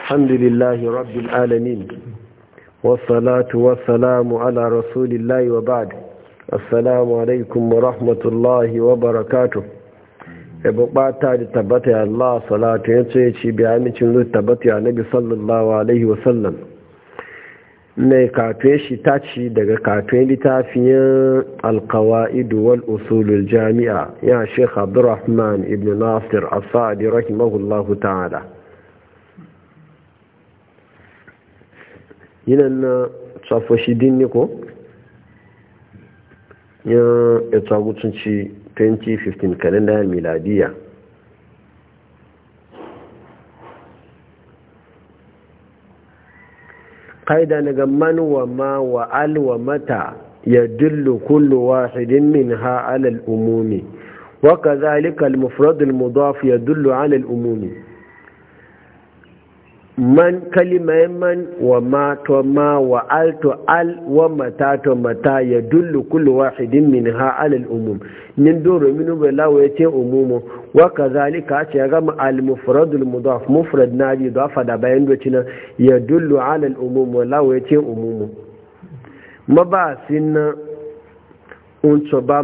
الحمد لله رب العالمين والصلاة والسلام على رسول الله وبعد السلام عليكم ورحمة الله وبركاته ebo ebubata da tabbata ya Allah salatu ya ce ci bi amincin zuwa tabbata ya nabi sallallahu alaihi wasallam ne kafin shi ta ci daga kafin littafin alkawa'idu wal usulul jami'a ya shekha abdurrahman ibn nasir asadi rahimahullahu ta'ala yinan na shi din ne ko ya ci 2015 kalendar miladiya ƙaida daga gamman wa ma wa al mata ya dillu kullu wahidin min ha alal umumi wa ka zalika al-mufradul mudaf ya dillu alal umumi man kalimai man wa ma to ma wa al to al wa mata to mata ya dullu kullu wahidin min ha alal umum nin doro minu bai lawo ya ce umumu wa kazalika ce ga al mufradul mudaf mufrad na ji da fada bayan doci nan ya dullu alal umum wa lawo ya ce umumu mabasin na unco ba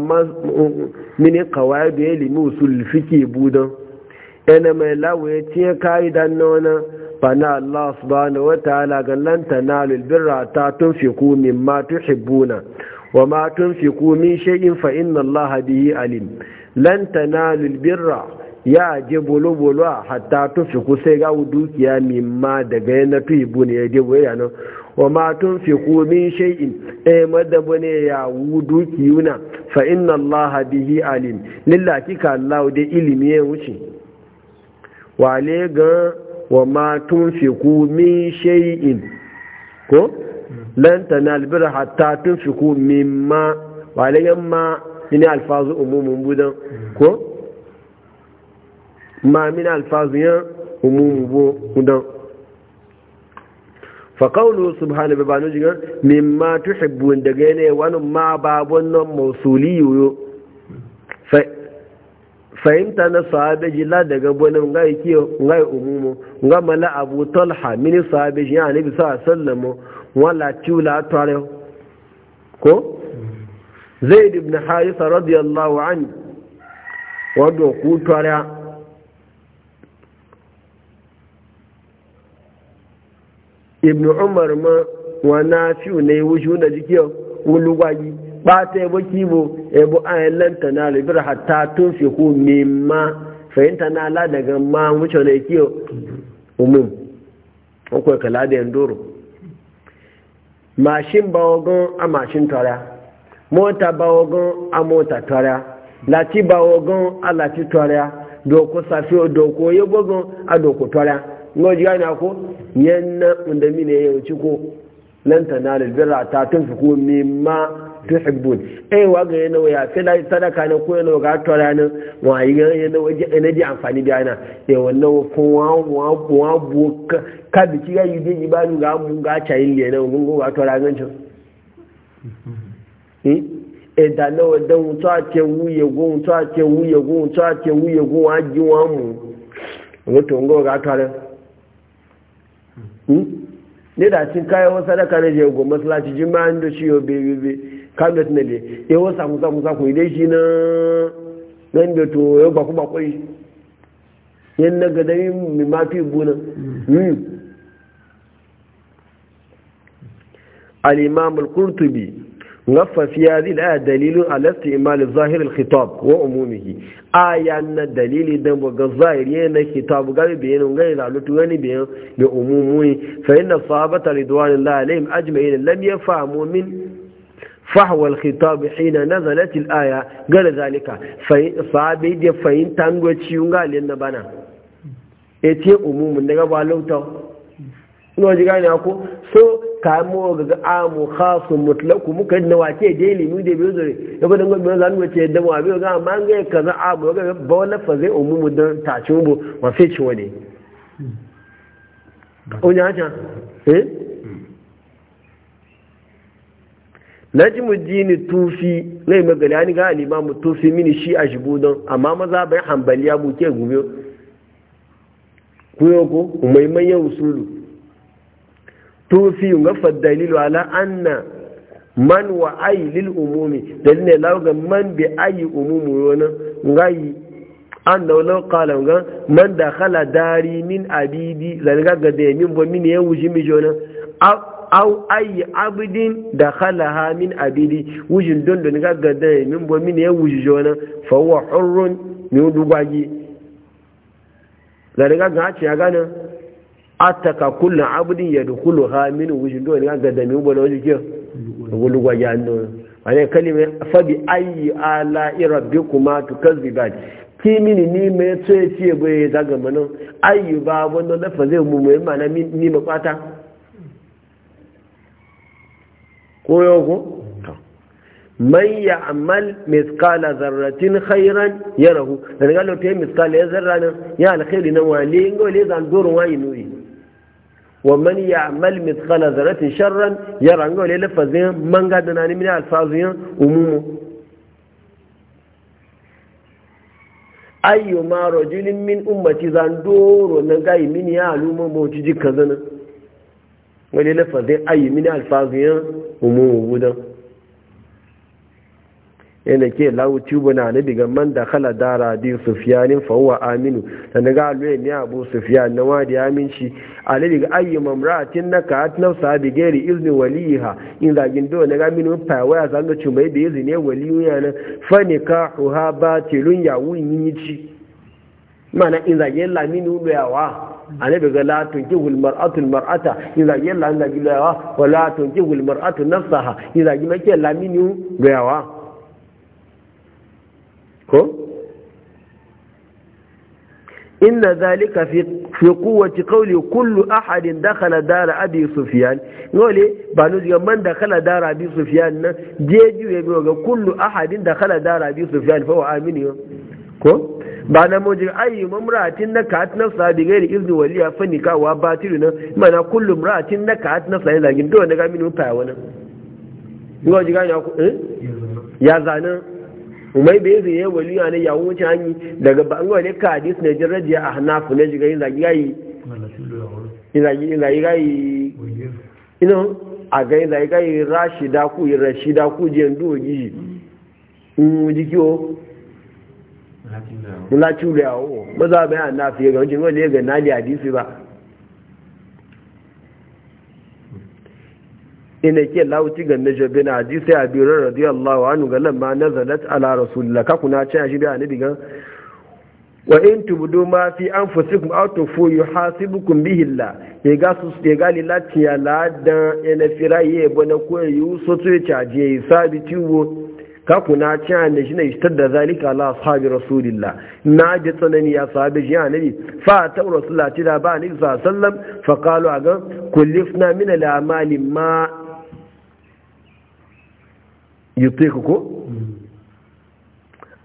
mini kawai da ya limi usul fiki budan ene mai lawo ya ce kai dan nona fana Allah subhanahu wa ta'ala ga lan tanalu albirra ta tunfiku mimma tuhibbuna wa ma tunfiku min shay'in fa inna Allah bihi alim lan tanalu albirra ya je bolo hatta tunfiku sai ga dukiya mimma daga yana tuhibbuna ya je ya no wa ma tunfiku min shay'in eh madaba ne ya dukiyuna fa inna allaha bihi alim lillahi ka allah da ilimi ya wuce wale ga wa ma tunfiku min shay'in ko lan tanal birra hatta tunfiku mimma wa alayyan ma ina alfazu umumun budan ko ma min alfazu yan umumun budan faƙaunu subhana bi banu jigar mimma tuhibbun daga ne wani ma babon nan mausuli yoyo fahimta na sahabeji la daga nga yi kiyo yi umumu nga mala abu talha mini sahabeji ya nabi sallamu wala tiula tare ko zaid ibn harisa radiyallahu anhu wado ku tare ibn umar ma wa nafiu ne wuju na jikiyo wulugwaji bata yabo kibo yabo an lanta na libir hatta tun fi ku mimma fahimta na la daga ma wuce na kiyo umum akwai kala da yandoro mashin bawogon a mashin tara mota bawogon a mota tara lati bawogon a lati tara doko safi doko yabogon a doko tara ngoji gani ko yanna undamine yau ciko lanta na libir hatta tun fi ku mimma tuhibbun eh wa ga yana ya fi la sadaka na ko na ga tora ne ga yana waje ina ji amfani da yana eh wannan ko wa wa wa bu ka bi ki ga yi ji balu ga mun ga chayin le na mun ga tora ga cin eh hmm? eh da na wa dan wuto a ce wuye go wuto a ce wuye go wuto a ce wuye go wa ji wa mu wato ngo ga tora hmm? ne da cin kayan sadaka na je go masallaci jima'an da shi yo bebe kamet na le e eh, wo samu samu sa ku ide shi na nan da to yo ba ku ba koi yin na ga dai mi ma fi buna hmm al imam al qurtubi ngaffa fi hadhihi al aya dalilun ala istimal al zahir al khitab wa umumihi aya na dalili dan bo ga zahir yin na khitab ga bi yin ga ila lutu wani bi yin bi umumuni fa inna da ridwanillahi alaihim ajma'in lam yafhamu min Fahwal الخطاب حين نزلت الآية قال ذلك صحابي دي فإن تنغو تشيونغا لأن بنا ete umumin daga ba lauta ina ji gane ko so kamo ga amu khasu mutlaku muka na wace da ilimi da bai zure da ba dangon bai zanu wace da ma bai ga amma kaza ba wala fa zai umumu dan mu wa fece wani najmu dini tufi na magali magana ga al'imam tufi mini shi a shibu don amma maza bai hambaliya buke gube yau ko mai manyan usulu tufi ga faddalilu ala anna man wa ayi lil umumi dalil ne lawa man bi ayi umumu wani ngayi an da wani kala ga man da khala dari min abidi zanga ga da yamin ba min ya wuji mi jona aw ayi abidin da khalaha min abidi wujin don don ga gada min bo min ya wuji jona fa huwa hurrun min dubaji zare daga ga ci ga nan ataka kullu abidin yadkhuluha min wujin don ga gada min bo na wuji ke dugwaji ya no wani kalimar fa bi ayi ala rabbikuma tukazzibat ki mini ni me tsaye ce bai zaga manan ayi ba wannan lafa zai mu mai mana ni makwata koyoko to man ya amal miskala zarratin khairan yarahu rahu da daga lote miskala ya zarra nan ya alkhairi nan wale ngo le zan duru wayi nuri wa man ya amal miskala zarratin sharran ya ran gole lafazin man ga dana ni min alfazin umumu ayyuma rajulin min ummati zan duru nan ga min ya aluma mu ci jikka zanan wani lafazin ayi mini alfaziyan umumu gudan yana ke lawo na diga man da kala da di sufiyanin fawwa aminu da na ga ne abu sufiyan na wadi aminci a na diga ayi mamratin na ka hat nausa bi gairi izini waliha in zagin do na ga minu ya zanga cumai da izini waliyu ya fani ka huha ba tilun ya yi ci mana in zagin lamini uluyawa annabi ga la tunkihul mar'atu mar'ata ila yalla an gilawa wa la tunkihul mar'atu nafsaha ila gima ke laminu gawa ko inna zalika fi fi quwwati qawli kullu ahadin dakhala dar abi sufyan ngole banu ga man dakhala dar abi sufyan na jeju ya ga kullu ahadin dakhala dar abi sufyan fa wa aminu ko ba na mojin ayi mamratin na ka na sa bi gairi izni waliya fa nikawa batiru na mana kullum ratin na ka na sa lagin dole na ga minu fa wani ngo ji ganya ku eh ya zana umai bai zai yi waliya ne ya wuce hanyi daga ba ngo ne ka hadis ne jin rajiya a hanafu ne jiga yin zagi gayi yin zagi gayi ino a ga yin zagi gayi rashida ku yi rashida ku je ndo gizi in jiki o mulati da yawo ba za a na fiye ga wajen nali hadisi ba ina ke lauti ga najabi na hadisi a biyar radiyallahu anhu ga lamma nazalat ala rasulullah ka kuna cin shi biya wa in ma fi aw fo ya ga su ya ga ya bana ko yusu to ya caje sabi tiwo kaku na ci a ne shi na ishtar da zalika ala ashabi rasulillah na ji tsanani ya sahabi shi a nabi fa ta rasulullah ci da ba ni sa sallam fa kalu a ga kullifna min al amali ma yutiku ko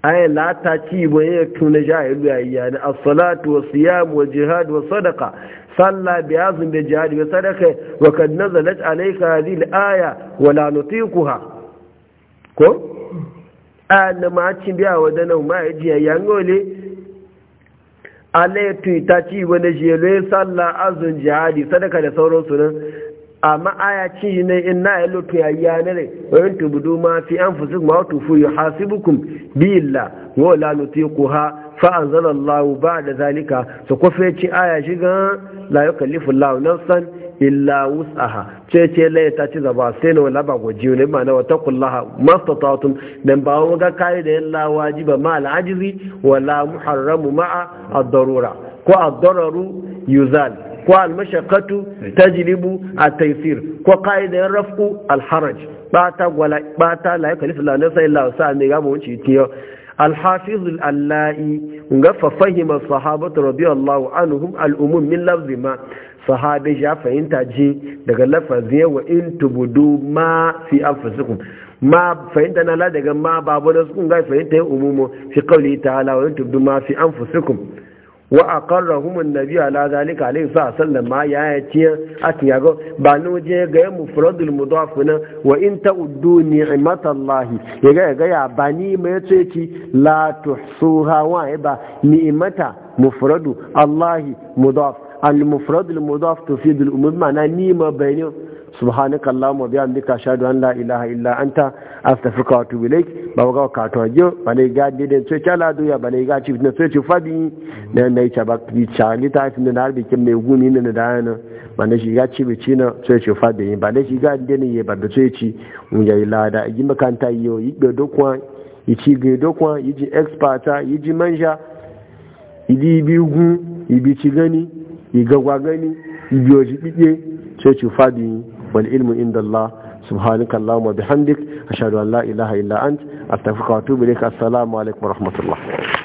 ay la ta ci bo ya tuna jahilu ya yi ni as-salatu wa siyam wa jihad wa sadaqa salla bi azm bi jihad bi sadaqa wa kad nazalat alayka hadhihi al-aya wa la nutiquha ko ana macin biya wa da nan ma yi. yan gole Allah ta ci wani jelo sallah azun jihadi sadaka da sauran su nan amma aya ci ne in na yalo to ya yana ne wayin tubudu ma fi anfusikum ma fu yuhasibukum bi wa la nutiquha fa anzalallahu ba'da zalika so ko fe ci aya shi shiga la yukallifu Allahu nafsan illa wus'aha ce ce laye ta ci zaba sai na wala bago gwaji ne ma na wata kullaha mastata'tum dan ba mu ga kai da illa wajiba ma al'ajizi wala muharramu ma'a ad-darura ko ad-dararu yuzal ko al-mashaqqatu tajlibu at-taysir ko da rafqu al-haraj ba ta wala ba ta la yakalifu la sai illa wasa ne ga mu ci tiyo الحافظ اللائي فهم الصحابة رضي الله عنهم الأمم من لفظ ما sahabi ya fahimta ji daga lafazin wa in tubudu ma fi anfusikum ma fahimta na la daga ma babu da sukun ga fahimta yin umumu fi qawli ta'ala wa in tubudu ma fi anfusikum wa aqarrahum an-nabi ala zalika alayhi sallam ma ya a atiya go ba no je ga mufradul mudaf na wa in ta'uddu ni'matallahi ya ga ga ya bani mai ce ki la tuhsuha wa ba ni'mata mufradu allahi mudaf المفرد المضاف تفيد الأمم معناه نيمة بينه سبحانك اللهم وبحمدك أشهد أن لا إله إلا أنت أستغفرك وأتوب إليك بابا كاتو جو بني غا ديدن سوي تشالا دويا بني غا تشيف نسوي تشوف فادي نان ناي تشابك دي تشالي تايف نار بي كم غوني نن دانا بني شي غا تشيبي تشينا سوي تشوف فادي بني شي غا ديدن يي بابا سوي تشي ونجا يلا دا يجي مكانتا يو يجي دوكوان يجي غيدوكوان يجي اكسباتا يجي منجا يجي بيغون يبي تشي غني yi gagwa gani ibiyoji bibiye sai ci fadi wal ilmu inda Allah subhanaka Allah wa bihamdik ashhadu an la ilaha illa ant astaghfiruka wa atubu ilaik assalamu alaikum wa rahmatullah